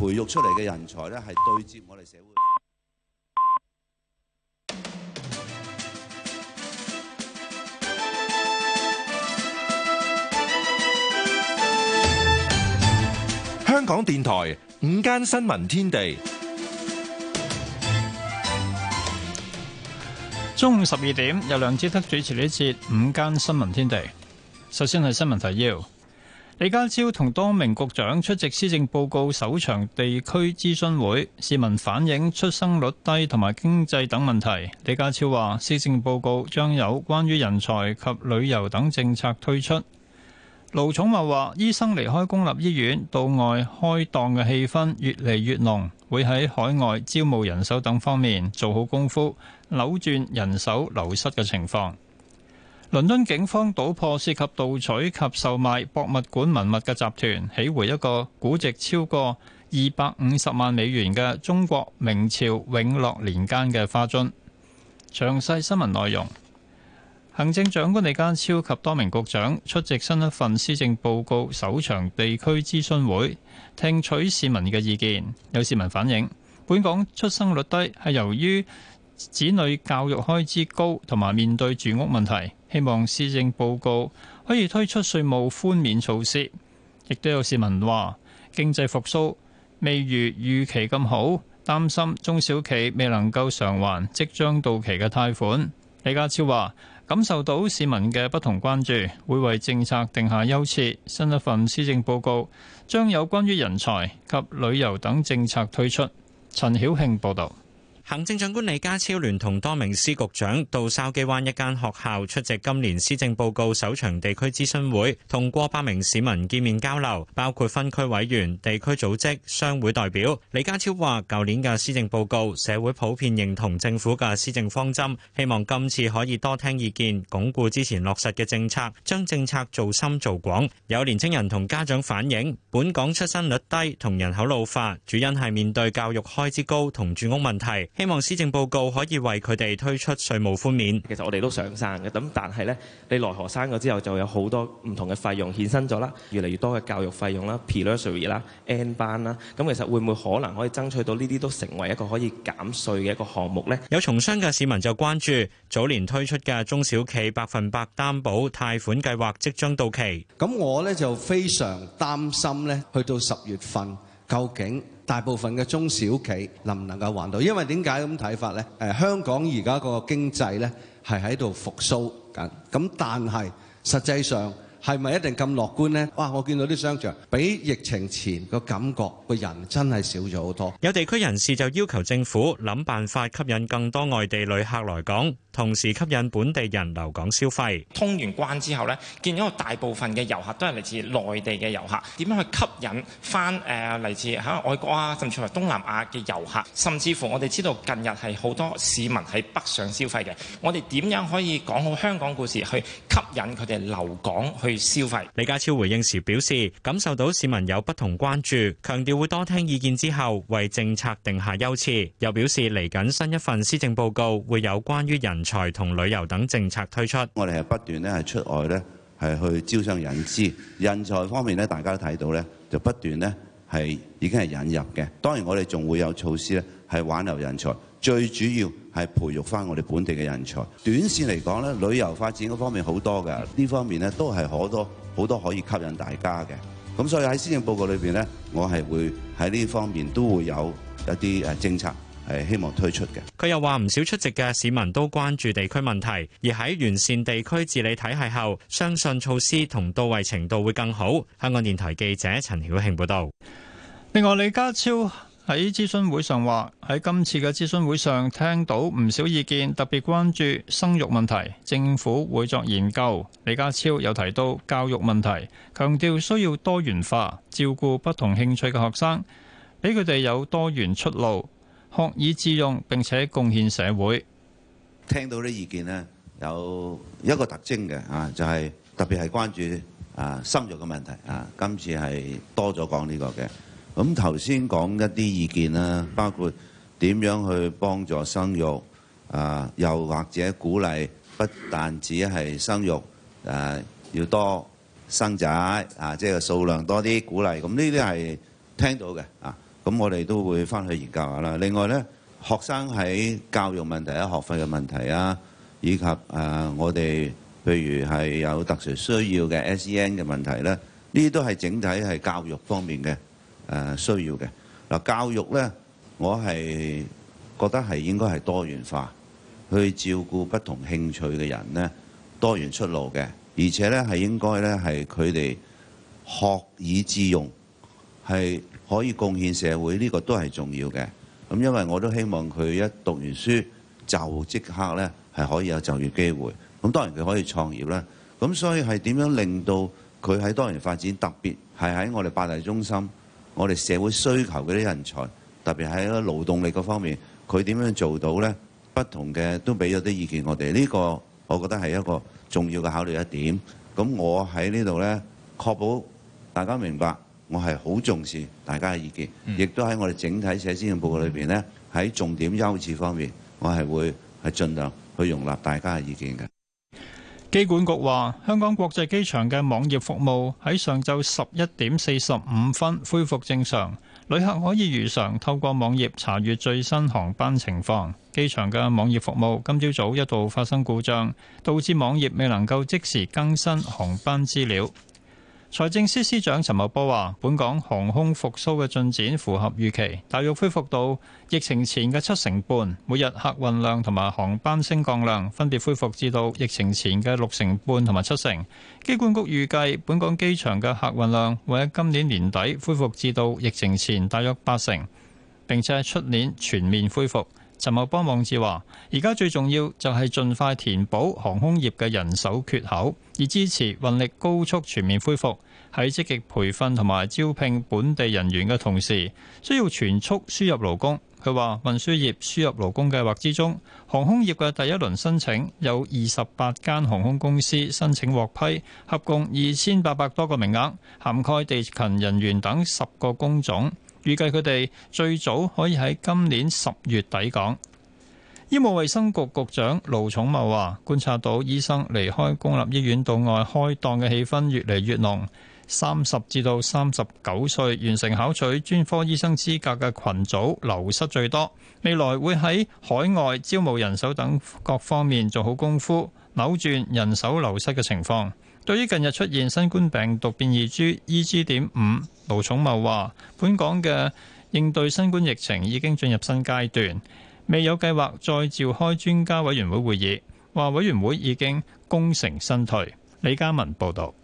培育出嚟嘅人才咧，係對接我哋社會。香港電台午間新聞天地，中午十二點，由梁志德主持呢一節午間新聞天地。首先係新聞提要。李家超同多名局長出席施政報告首場地區諮詢會，市民反映出生率低同埋經濟等問題，李家超話施政報告將有關於人才及旅遊等政策推出。盧寵茂話醫生離開公立醫院到外開檔嘅氣氛越嚟越濃，會喺海外招募人手等方面做好功夫，扭轉人手流失嘅情況。倫敦警方搗破涉及盜取及售賣博物館文物嘅集團，起回一個估值超過二百五十萬美元嘅中國明朝永樂年間嘅花樽。詳細新聞內容：行政長官李家超及多名局長出席新一份施政報告首場地區諮詢會，聽取市民嘅意見。有市民反映，本港出生率低係由於子女教育開支高，同埋面對住屋問題。希望施政報告可以推出稅務寬免措施，亦都有市民話經濟復蘇未如預期咁好，擔心中小企未能夠償還即將到期嘅貸款。李家超話感受到市民嘅不同關注，會為政策定下優次。新一份施政報告將有關於人才及旅遊等政策推出。陳曉慶報道。行政長官李家超聯同多名司局長到筲箕灣一間學校出席今年施政報告首場地區諮詢會，同過百名市民見面交流，包括分區委員、地區組織、商會代表。李家超話，舊年嘅施政報告社會普遍認同政府嘅施政方針，希望今次可以多聽意見，鞏固之前落實嘅政策，將政策做深做廣。有年青人同家長反映，本港出生率低同人口老化，主因係面對教育開支高同住屋問題。希望施政報告可以為佢哋推出稅務寬免。其實我哋都想生嘅，咁但係呢，你來河生咗之後，就有好多唔同嘅費用衍生咗啦，越嚟越多嘅教育費用啦、private school 啦、N 班啦，咁其實會唔會可能可以爭取到呢啲都成為一個可以減稅嘅一個項目呢？有從商嘅市民就關注早年推出嘅中小企百分百擔保貸款計劃即將到期，咁我呢就非常擔心呢，去到十月份。究竟大部分嘅中小企能唔能夠還到？因為點解咁睇法咧？誒，香港而家個經濟咧係喺度復甦緊，咁但係實際上係咪一定咁樂觀咧？哇！我見到啲商場比疫情前個感覺個人真係少咗好多。有地區人士就要求政府諗辦法吸引更多外地旅客來港。同時吸引本地人留港消費。通完關之後呢，見到大部分嘅遊客都係嚟自內地嘅遊客。點樣去吸引返誒嚟自海外國啊，甚至乎東南亞嘅遊客，甚至乎我哋知道近日係好多市民喺北上消費嘅。我哋點樣可以講好香港故事，去吸引佢哋留港去消費？李家超回應時表示，感受到市民有不同關注，強調會多聽意見之後，為政策定下優次。又表示嚟緊新一份施政報告會有關於人。人才同旅遊等政策推出，我哋係不斷咧係出外咧係去招商引資。人才方面咧，大家都睇到咧，就不斷咧係已經係引入嘅。當然，我哋仲會有措施咧，係挽留人才。最主要係培育翻我哋本地嘅人才。短線嚟講咧，旅遊發展嗰方面好多嘅，呢方面咧都係好多好多可以吸引大家嘅。咁所以喺施政報告裏面咧，我係會喺呢方面都會有一啲誒政策，係希望推出嘅。佢又話：唔少出席嘅市民都關注地區問題，而喺完善地區治理體系後，相信措施同到位程度會更好。香港電台記者陳曉慶報導。另外，李家超喺諮詢會上話：喺今次嘅諮詢會上聽到唔少意見，特別關注生育問題，政府會作研究。李家超又提到教育問題，強調需要多元化照顧不同興趣嘅學生，俾佢哋有多元出路。學以致用，並且貢獻社會。聽到啲意見咧，有一個特徵嘅啊，就係特別係關注啊生育嘅問題啊。今次係多咗講呢個嘅。咁頭先講一啲意見啦，包括點樣去幫助生育啊，又或者鼓勵不但只係生育誒要多生仔啊，即係數量多啲，鼓勵咁呢啲係聽到嘅啊。咁我哋都會翻去研究下啦。另外呢，學生喺教育問題啊、學費嘅問題啊，以及誒、呃、我哋譬如係有特殊需要嘅 S.E.N. 嘅問題呢，呢啲都係整體係教育方面嘅誒、呃、需要嘅。嗱，教育呢，我係覺得係應該係多元化去照顧不同興趣嘅人呢，多元出路嘅，而且呢，係應該呢，係佢哋學以致用係。係可以貢獻社會，呢個都係重要嘅。咁因為我都希望佢一讀完書就即刻呢係可以有就業機會。咁當然佢可以創業啦。咁所以係點樣令到佢喺當年發展，特別係喺我哋八大中心，我哋社會需求嗰啲人才，特別喺呢勞動力嗰方面，佢點樣做到呢？不同嘅都俾咗啲意見我哋。呢個我覺得係一個重要嘅考慮一點。咁我喺呢度呢，確保大家明白。我係好重視大家嘅意見，亦都喺我哋整體寫先嘅報告裏邊呢喺重點優次方面，我係會係盡量去容納大家嘅意見嘅。機管局話，香港國際機場嘅網頁服務喺上晝十一點四十五分恢復正常，旅客可以如常透過網頁查閲最新航班情況。機場嘅網頁服務今朝早，早一度發生故障，導致網頁未能夠即時更新航班資料。財政司司長陳茂波話，本港航空復甦嘅進展符合預期，大約恢復到疫情前嘅七成半，每日客運量同埋航班升降量分別恢復至到疫情前嘅六成半同埋七成。機管局預計，本港機場嘅客運量會喺今年年底恢復至到疫情前大約八成，並且喺出年全面恢復。陳茂波網誌話，而家最重要就係盡快填補航空業嘅人手缺口，以支持運力高速全面恢復。喺積極培訓同埋招聘本地人員嘅同時，需要全速輸入勞工。佢話，運輸業輸入勞工計劃之中，航空業嘅第一輪申請有二十八間航空公司申請獲批，合共二千八百多個名額，涵蓋地勤人員等十個工種。預計佢哋最早可以喺今年十月抵港。醫務衛生局局長盧寵茂話觀察到醫生離開公立醫院到外開檔嘅氣氛越嚟越濃，三十至到三十九歲完成考取專科醫生資格嘅群組流失最多。未來會喺海外招募人手等各方面做好功夫，扭轉人手流失嘅情況。對於近日出現新冠病毒變異株 E.G. 點五，盧寵茂話：本港嘅應對新冠疫情已經進入新階段，未有計劃再召開專家委員會會議，話委員會已經功成身退。李嘉文報導。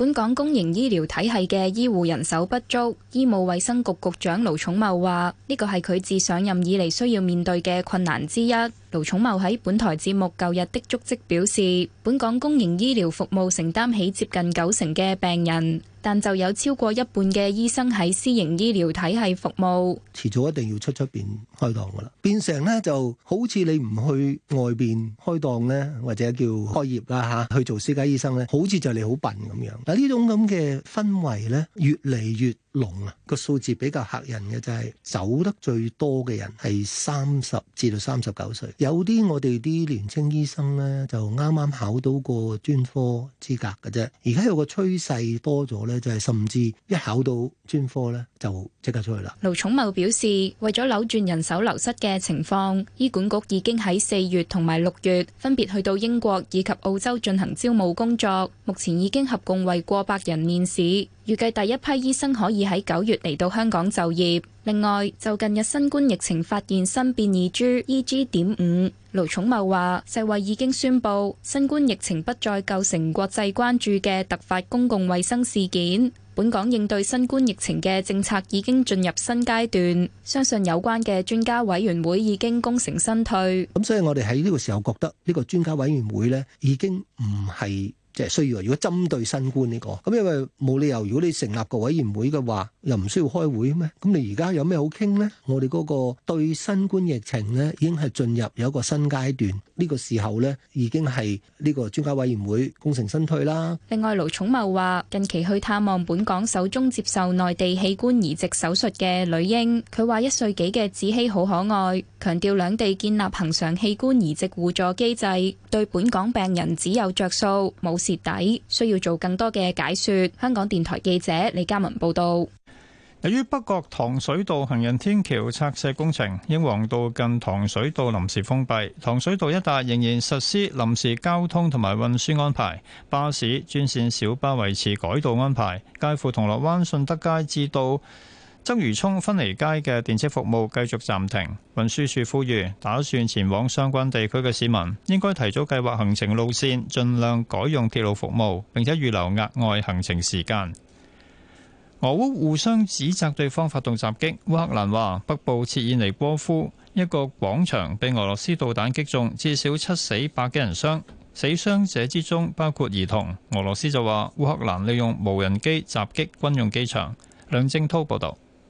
本港公營醫療體系嘅醫護人手不足，醫務衛生局局長盧寵茂話呢個係佢自上任以嚟需要面對嘅困難之一。盧寵茂喺本台節目舊日的足跡表示，本港公營醫療服務承擔起接近九成嘅病人。但就有超過一半嘅醫生喺私營醫療體系服務，遲早一定要出出面開檔㗎喇，變成咧就好似你唔去外邊開檔咧，或者叫開業啦嚇，去做私家醫生咧，好似就你好笨咁樣。嗱，呢種咁嘅氛圍咧，越嚟越。龍啊，個數字比較嚇人嘅就係走得最多嘅人係三十至到三十九歲。有啲我哋啲年輕醫生呢，就啱啱考到個專科資格嘅啫。而家有個趨勢多咗呢，就係甚至一考到專科呢，就即刻出去啦。盧寵茂表示，為咗扭轉人手流失嘅情況，醫管局已經喺四月同埋六月分別去到英國以及澳洲進行招募工作，目前已經合共為過百人面試。預計第一批醫生可以喺九月嚟到香港就業。另外，就近日新冠疫情發現新變異株 E.G. 點五，盧寵茂話世衛已經宣布新冠疫情不再構成國際關注嘅突發公共衛生事件。本港應對新冠疫情嘅政策已經進入新階段，相信有關嘅專家委員會已經功成身退。咁所以，我哋喺呢個時候覺得呢個專家委員會咧已經唔係。即係需要，如果針對新冠呢個，咁因為冇理由，如果你成立個委員會嘅話，又唔需要開會咩？咁你而家有咩好傾呢？我哋嗰個對新冠疫情呢，已經係進入有一個新階段。呢個時候呢，已經係呢個專家委員會功成身退啦。另外，盧寵茂話近期去探望本港首宗接受內地器官移植手術嘅女嬰，佢話一歲幾嘅子希好可愛，強調兩地建立恆常器官移植互助機制，對本港病人只有着數。徹底需要做更多嘅解説。香港電台記者李嘉文報道。由於北角糖水道行人天橋拆卸工程，英皇道近糖水道臨時封閉，糖水道一帶仍然實施臨時交通同埋運輸安排，巴士專線小巴維持改道安排，介乎銅鑼灣順德街至到。鰂魚涌分離街嘅電車服務繼續暫停。運輸署呼籲打算前往相關地區嘅市民應該提早計劃行程路線，盡量改用鐵路服務，並且預留額外行程時間。俄烏互相指責對方發動襲擊，烏克蘭話北部切爾尼波夫一個廣場被俄羅斯導彈擊中，至少七死百幾人傷，死傷者之中包括兒童。俄羅斯就話烏克蘭利用無人機襲擊軍用機場。梁正濤報道。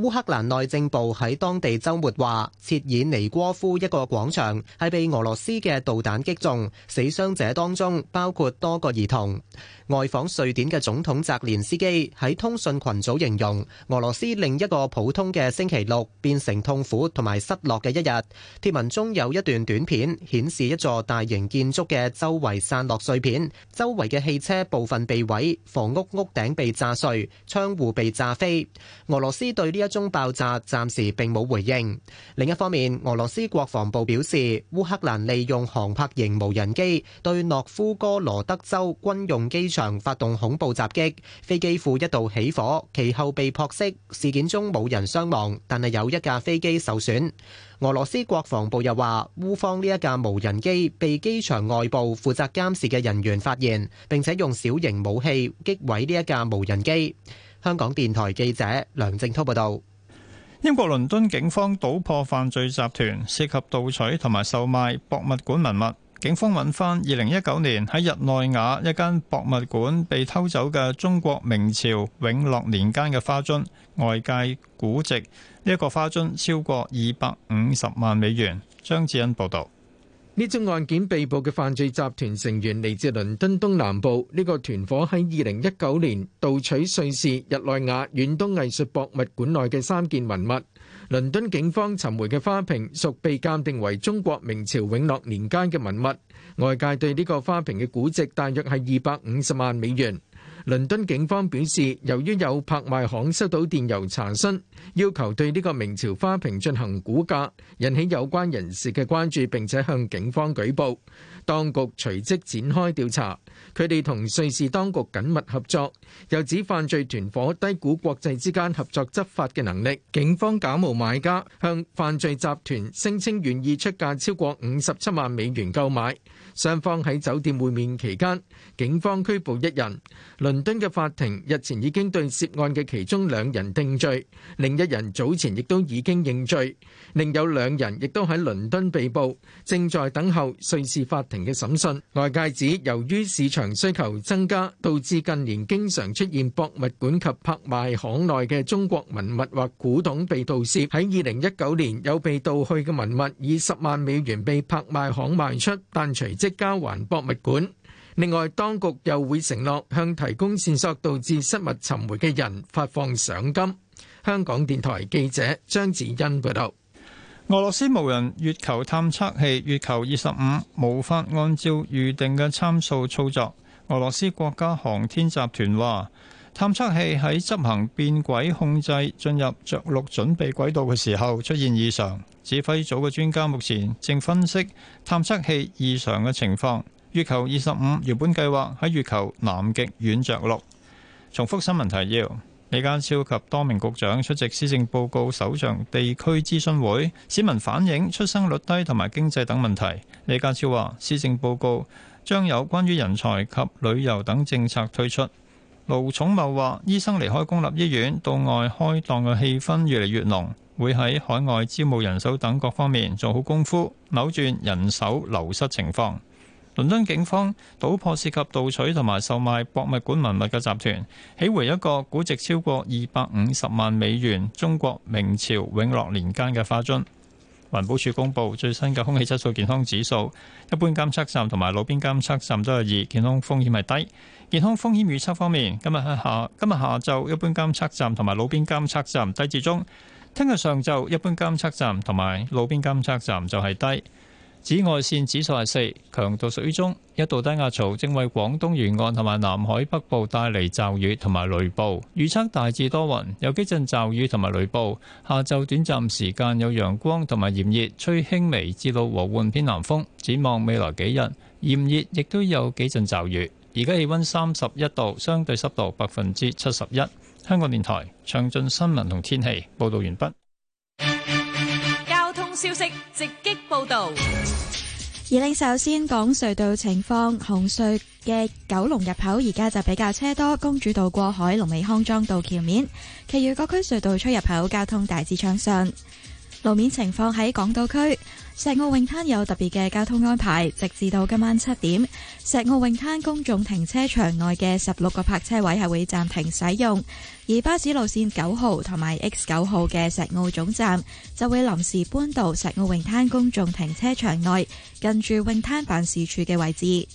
烏克蘭內政部喺當地周末話，切爾尼戈夫一個廣場係被俄羅斯嘅導彈擊中，死傷者當中包括多個兒童。外訪瑞典嘅總統澤連斯基喺通訊群組形容，俄羅斯另一個普通嘅星期六變成痛苦同埋失落嘅一日。貼文中有一段短片，顯示一座大型建築嘅周圍散落碎片，周圍嘅汽車部分被毀，房屋屋頂被炸碎，窗戶被炸飛。俄羅斯對呢一中爆炸，暫時並冇回應。另一方面，俄羅斯國防部表示，烏克蘭利用航拍型無人機對諾夫哥羅德州軍用機場發動恐怖襲擊，飛機庫一度起火，其後被撲熄。事件中冇人傷亡，但係有一架飛機受損。俄羅斯國防部又話，烏方呢一架無人機被機場外部負責監視嘅人員發現，並且用小型武器擊毀呢一架無人機。香港電台記者梁正濤報道：英國倫敦警方搗破犯罪集團，涉及盜取同埋售賣博物館文物。警方揾翻，二零一九年喺日內瓦一間博物館被偷走嘅中國明朝永樂年間嘅花樽，外界估值呢一個花樽超過二百五十萬美元。張智恩報道。呢宗案件被捕嘅犯罪集團成員嚟自倫敦東南部。呢個團伙喺二零一九年盜取瑞士日內瓦遠東藝術博物館內嘅三件文物。倫敦警方尋回嘅花瓶屬被鑑定為中國明朝永樂年間嘅文物，外界對呢個花瓶嘅估值大約係二百五十萬美元。倫敦警方表示，由於有拍賣行收到電郵查詢，要求對呢個明朝花瓶進行估價，引起有關人士嘅關注，並且向警方舉報。當局隨即展開調查，佢哋同瑞士當局緊密合作。又指犯罪團伙低估國際之間合作執法嘅能力。警方假冒買家向犯罪集團聲稱願意出價超過五十七萬美元購買。雙方喺酒店會面期間，警方拘捕一人。倫。倫敦嘅法庭日前已經對涉案嘅其中兩人定罪，另一人早前亦都已經認罪，另有兩人亦都喺倫敦被捕，正在等候瑞士法庭嘅審訊。外界指，由於市場需求增加，導致近年經常出現博物館及拍賣行內嘅中國文物或古董被盜竊。喺二零一九年，有被盜去嘅文物以十萬美元被拍賣行賣出，但隨即交還博物館。另外，當局又會承諾向提供線索導致失物尋回嘅人發放賞金。香港電台記者張子欣報道。俄羅斯無人月球探測器月球二十五無法按照預定嘅參數操作。俄羅斯國家航天集團話，探測器喺執行變軌控制進入着陸準備軌道嘅時候出現異常，指揮組嘅專家目前正分析探測器異常嘅情況。月球二十五原本計劃喺月球南極軟着陸。重複新聞提要：李家超及多名局長出席施政報告首場地區諮詢會，市民反映出生率低同埋經濟等問題。李家超話：施政報告將有關於人才及旅遊等政策推出。盧寵茂話：醫生離開公立醫院到外開檔嘅氣氛越嚟越濃，會喺海外招募人手等各方面做好功夫，扭轉人手流失情況。倫敦警方搗破涉及盜取同埋售賣博物館文物嘅集團，起回一個估值超過二百五十萬美元、中國明朝永樂年間嘅花樽。環保署公布最新嘅空氣質素健康指數，一般監測站同埋路邊監測站都係二，健康風險係低。健康風險預測方面，今日下今日下晝一般監測站同埋路邊監測站低至中，聽日上晝一般監測站同埋路邊監測站就係低。紫外線指數係四，強度屬於中。一道低壓槽正為廣東沿岸同埋南海北部帶嚟驟雨同埋雷暴。預測大致多雲，有幾陣驟雨同埋雷暴。下晝短暫時間有陽光同埋炎熱，吹輕微至和緩偏南風。展望未來幾日，炎熱亦都有幾陣驟雨。而家氣温三十一度，相對濕度百分之七十一。香港電台詳盡新聞同天氣報道完畢。交通消息直擊報道。而令首先講隧道情況，紅隧嘅九龍入口而家就比較車多，公主道過海、龍尾康莊道橋面，其餘各區隧道出入口交通大致暢順。路面情況，喺港島區石澳泳灘有特別嘅交通安排，直至到今晚七點，石澳泳灘公眾停車場內嘅十六個泊車位係會暫停使用，而巴士路線九號同埋 X 九號嘅石澳總站就會臨時搬到石澳泳灘公眾停車場內，近住泳灘辦事處嘅位置。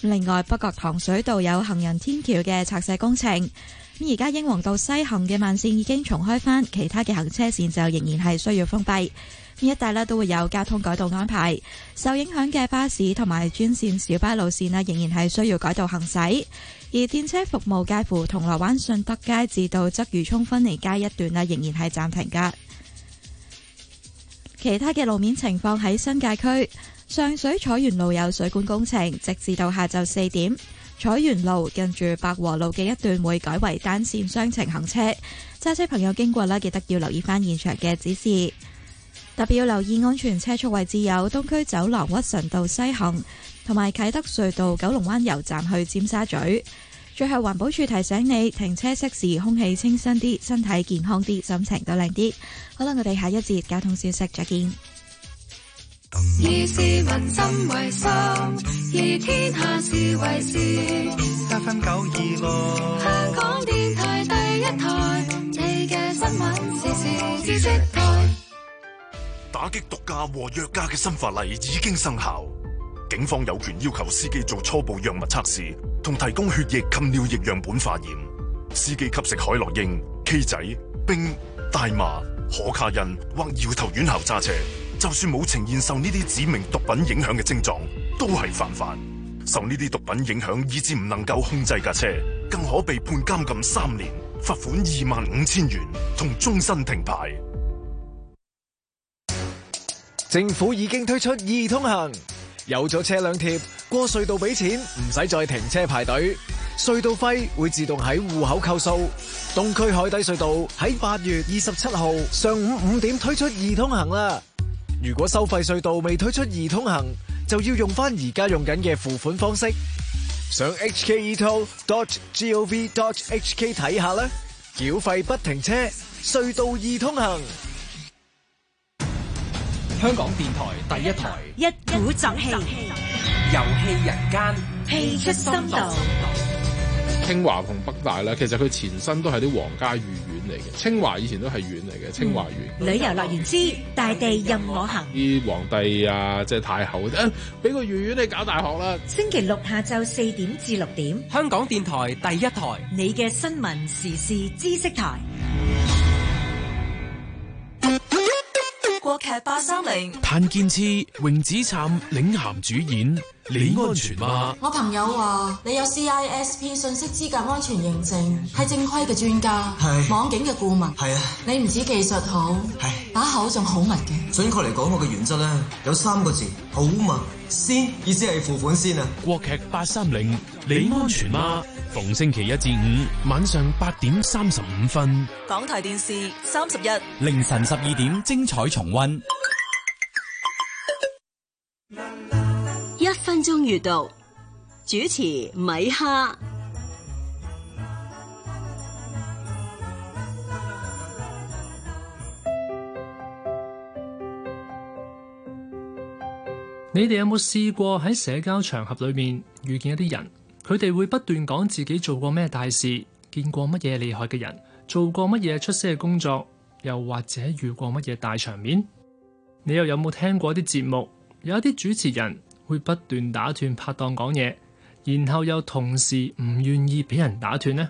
另外，北角糖水道有行人天橋嘅拆卸工程。咁而家英皇道西行嘅慢綫已經重開返，其他嘅行車綫就仍然係需要封閉。呢一帶呢都會有交通改道安排，受影響嘅巴士同埋專綫小巴路綫呢仍然係需要改道行駛。而電車服務介乎銅鑼灣順德街至到鰂魚涌分離街一段呢仍然係暫停噶其他嘅路面情況喺新界區上水彩園路有水管工程，直至到下晝四點。彩園路近住百和路嘅一段會改為單線雙程行車，揸車朋友經過咧，記得要留意返現場嘅指示，特別要留意安全車速位置。有東區走廊屈臣道西行同埋啟德隧道九龍灣油站去尖沙咀。最後環保署提醒你，停車熄匙，空氣清新啲，身體健康啲，心情都靚啲。好啦，我哋下一節交通消息再見。以市民心為心，以天下事為事。香港電台第一台，你嘅新聞時事知識台。打擊毒駕和藥駕嘅新法例已經生效，警方有權要求司機做初步藥物測試，同提供血液及尿液樣本化驗。司機吸食海洛因、K 仔、冰、大麻、可卡因或搖頭丸後揸車，就算冇呈現受呢啲指明毒品影響嘅症狀，都係犯法。受呢啲毒品影響，以致唔能夠控制架車，更可被判監禁三年，罰款二萬五千元，同終身停牌。政府已經推出易通行有了，有咗車輛貼過隧道俾錢，唔使再停車排隊。隧道費會自動喺戶口扣數。東區海底隧道喺八月二十七號上午五點推出易通行啦。如果收費隧道未推出易通行，就要用翻而家用緊嘅付款方式，上 hketo.gov.hk 睇下啦。繳費不停車，隧道易通行。香港電台第一台，一鼓作氣，遊戲人間，戲出深度。清華同北大啦，其實佢前身都係啲皇家御園。清華以前都係院嚟嘅，清華園。嗯、旅遊樂園之大地任我行。皇帝啊，即係太后嗰啲，俾、啊、個御苑你搞大學啦。星期六下晝四點至六點，香港電台第一台，你嘅新聞時事知識台。國劇八三零，譚建次、榮子杉領銜主演。你安全嗎？你安全嗎？我朋友話你有 CISP 信息資格安全認證，係正規嘅專家，係是網警嘅顧問，係啊。你唔止技術好，係是把口仲好密嘅。準確嚟講，我嘅原則咧有三個字，好密先，意思係付款先啊。國劇八三零，你安全嗎？你安全嗎？逢星期一至五晚上八點三十五分，港台電視三十一凌晨十二點精彩重溫。分鐘閱讀主持米哈，你哋有冇試過喺社交場合裏面遇見一啲人，佢哋會不斷講自己做過咩大事，見過乜嘢厲害嘅人，做過乜嘢出色嘅工作，又或者遇過乜嘢大場面？你又有冇聽過一啲節目，有一啲主持人？會不斷打斷拍檔講嘢，然後又同時唔願意俾人打斷呢？